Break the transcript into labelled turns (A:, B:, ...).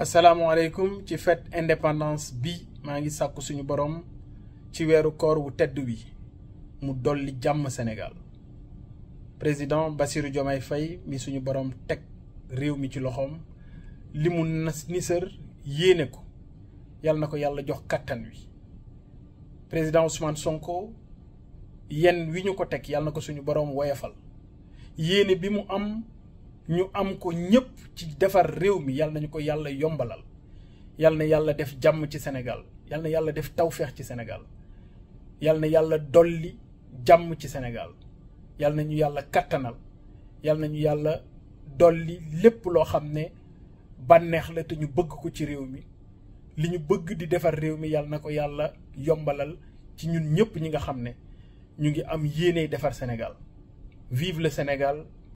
A: asalaamualeykum ci fête indépendance bi maa ngi sàkku suñu boroom ci weeru koor wu tedd wi mu dolli jàmm senegal président Bassirou jomay Faye mi suñu boroom teg réew mi ci loxoom li mu nas nisër yéene ko yàlla na ko yàlla jox kàttan wi président Ousmane Sonko yenn wi ñu ko teg yàlla na ko suñu boroom woyafal yéene bi am ñu am ko ñëpp ci defar réew mi yal nañu ko yàlla yombalal yal na yàlla def jàmm ci senegal yal na yàlla def tawféex ci senegal yal na yàlla dolli jàmm ci Sénégal yal na ñu yàlla kàttanal yal na ñu yàlla dolli lépp loo xam ne bànneex la te ñu bëgg ko ci réew mi li ñu bëgg di defar réew mi yal na ko yàlla yombalal ci ñun ñëpp ñi nga xam ne ñu ngi am yéene defar Sénégal vive le Sénégal.